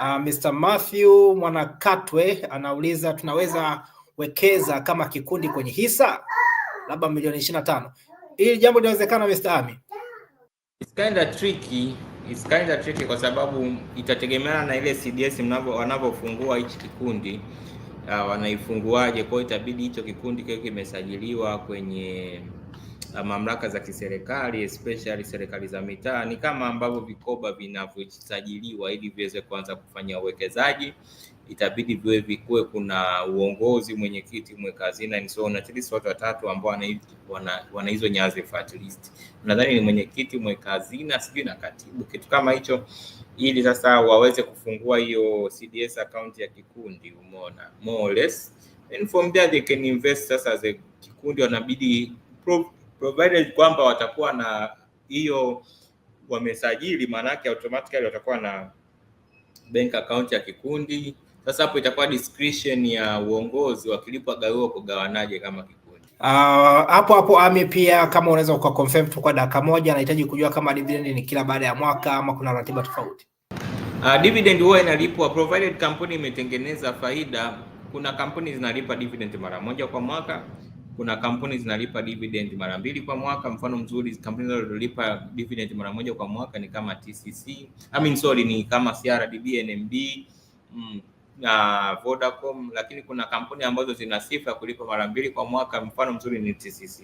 Uh, ah, Mr. Matthew Mwanakatwe anauliza tunaweza wekeza kama kikundi kwenye hisa labda milioni ishirini na tano. Hili jambo linawezekana Mr. Ami? It's of tricky. It's of tricky kwa sababu itategemeana na ile CDS wanavyofungua hichi kikundi uh, wanaifunguaje. Kwa hiyo itabidi hicho kikundi kiwe kimesajiliwa kwenye Uh, mamlaka za kiserikali especially serikali za mitaa ni kama ambavyo vikoba vinavyosajiliwa ili viweze kuanza kufanya uwekezaji, itabidi viwe vikuwe kuna uongozi, mwenyekiti, mweka hazina and so on, at least watu watatu ambao wana, wana hizo nyadhifa at least, nadhani ni mwenyekiti, mweka hazina, sijui na katibu, kitu kama hicho, ili sasa waweze kufungua hiyo CDS account ya kikundi, umeona more or less, and from there they can invest. Sasa as a kikundi wanabidi prove provided kwamba watakuwa na hiyo wamesajili, maanake automatically watakuwa na bank account ya kikundi. Sasa hapo itakuwa discretion ya uongozi, wakilipwa gawio kugawanaje kama kikundi. Ah, hapo uh, hapo Ami, pia kama unaweza confirm tu kwa dakika moja, anahitaji kujua kama dividend ni kila baada ya mwaka ama kuna ratiba tofauti. Uh, dividend huwa inalipwa provided kampuni imetengeneza faida. Kuna kampuni zinalipa dividend mara moja kwa mwaka kuna kampuni zinalipa dividend mara mbili kwa mwaka. Mfano mzuri kampuni zinazolipa dividend mara moja kwa mwaka ni kama TCC, I mean sorry, ni kama CRDB, NMB mm, na Vodacom, lakini kuna kampuni ambazo zina sifa ya kulipa mara mbili kwa mwaka. Mfano mzuri ni TCC.